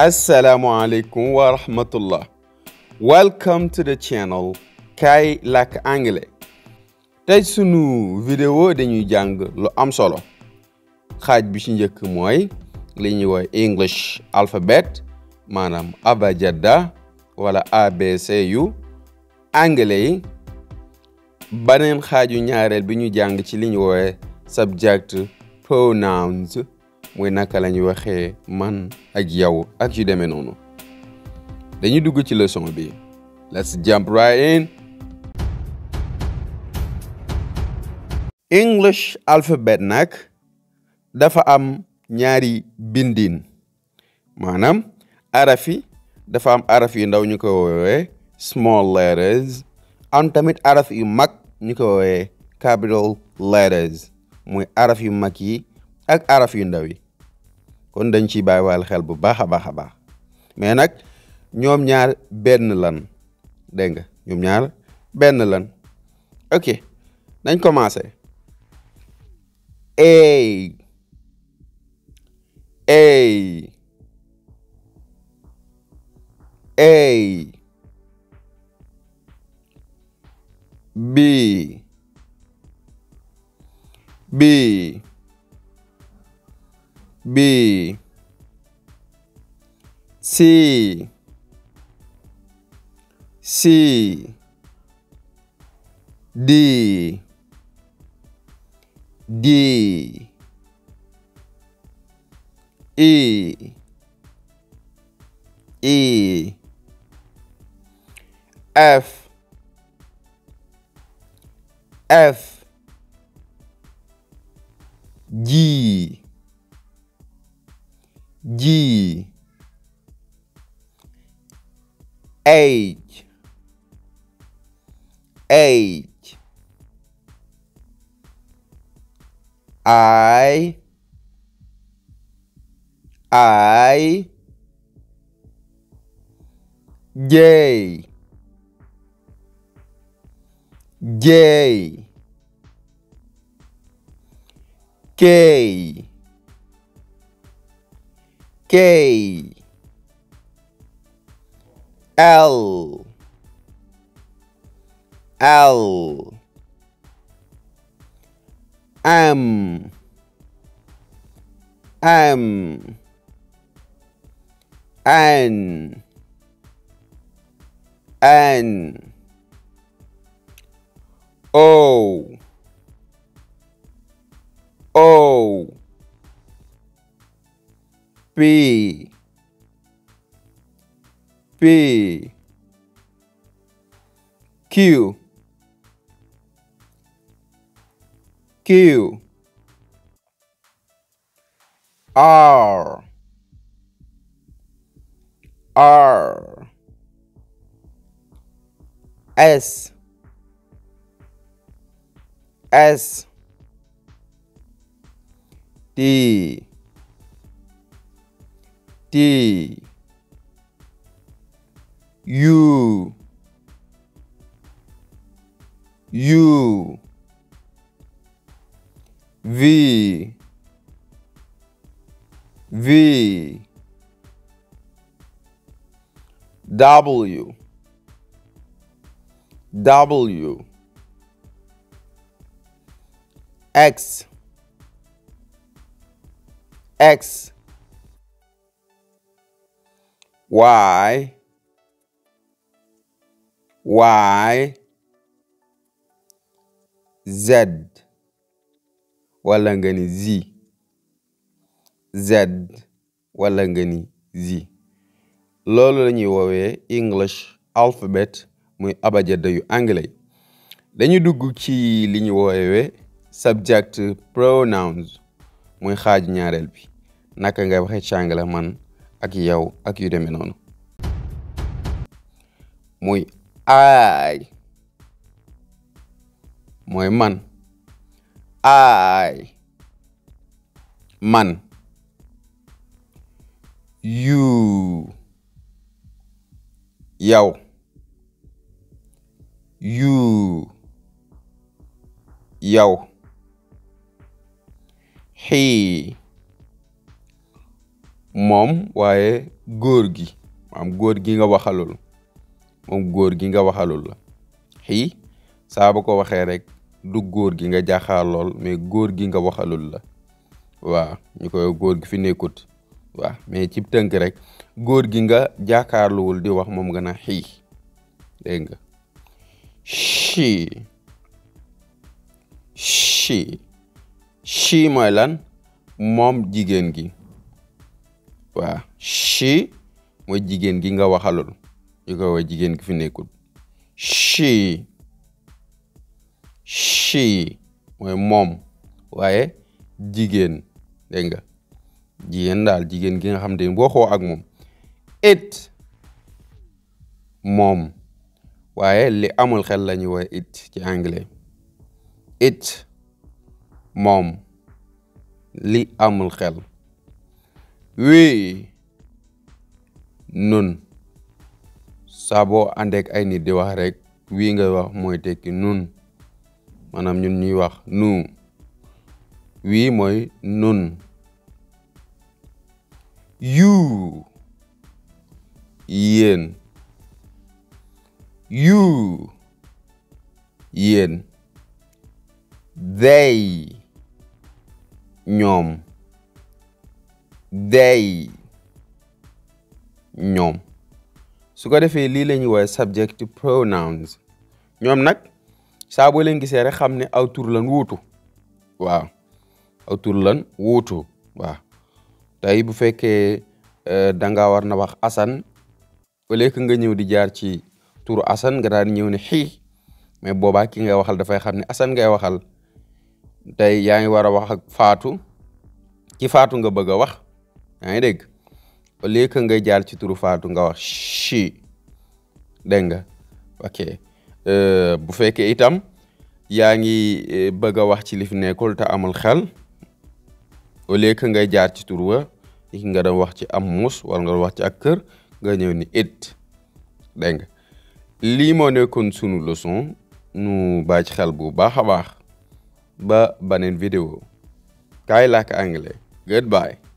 Assalamu alaikum wa rahmatullah. Welcome to the channel Kaay Làkk Anglais. Tey sunu vidéo dañuy jàng lu am solo. Xaaj bi ci njëkk mooy li ñuy woy English alphabet maanaam abajada wala ABC yu anglais yi. Baneen xaaju ñaareel bi ñu jàng ci li ñu woy subject pronouns mooy naka la ñuy waxee man ak yow ak yu demee noonu dañuy dugg ci leçon bi let's jump right in English alphabet nag dafa am ñaari bindin maanaam arafi dafa am araf yu ndaw ñu ko woowee small letters am tamit araf yu mag ñu ko woowee capital letters mooy araf yu mag yi ak araf yu ndaw yi kon dañ ciy bàyyiwaale xel bu baax a baax a baax mais nag ñoom ñaar benn lan dégg nga ñoom ñaar benn lan ok dañ commencé ey ey ey bi bi B C C D D E E F F G G H H I I J J K K L L M M N N O O P P Q Q R R S S D D. U. U. V. V. W. W. X. X. Why? Y Z wala nga ni Z Z wala nga ni Z loolu la ñuy English alphabet muy abajada yu anglais dañu dugg ci li ñu woowee subject pronouns muy xaaj ñaareel bi naka nga waxee ci anglais man ak yow ak yu demee noonu muy aay mooy man aay man you yow you yow he moom waaye góor gi maam góor gi nga waxalul moom góor gi nga waxalul la xii saa bu ko waxee rek du góor gi nga jaaxaar lool mais góor gi nga waxalul la waa ñu koy góor gi fi nekkut waaw mais ci tënk rek góor gi nga jàkkaarluwul di wax moom nga na xii dégg nga chi chi chi moom jigéen gi waaw chi mooy jigéen gi nga waxalul ñu koy wax jigéen gi fi nekkul chi chi mooy moom waaye jigéen dégg nga jigéen daal jigéen gi nga xam ne boo xoo ak moom it moom waaye li amul xel la ñuy wax it ci anglais it moom li amul xel oui nun sabo boo àndeek ay nit di wax rek wii nga wax mooy tekki nun maanaam ñun ñuy wax nu wii mooy nun yu yéen yu yéen they ñoom they ñoom su ko defee lii la ñuy woowee subjective pronouns ñoom nag saa boo leen gisee rek xam ne aw tur lan wuutu waaw aw tur wuutu waaw tey bu fekkee eh, da nga war na wax Assane au lieu que nga ñëw di jaar ci turu Assane nga daan ñëw ne xii mais boobaa ki nga waxal dafay xam ne Assane ngay waxal tey yaa ngi war a wax ak Faatu ci Faatu nga bëgg a wax yaa ngi dégg au lieu ngay jaar ci turu faatu nga wax chi dégg nga ok euh, bu fekkee itam yaa ngi euh, bëgg a wax ci li fi nekkul te amul xel au lieu que ngay jaar ci tur wa ki nga wax ci am mus wala nga wax ci ak kër nga ñëw ni it dégg nga lii moo nekkoon sunu leçon nu bàyyi ci xel bu baax a baax ba beneen vidéo kaay làkk anglais goodbye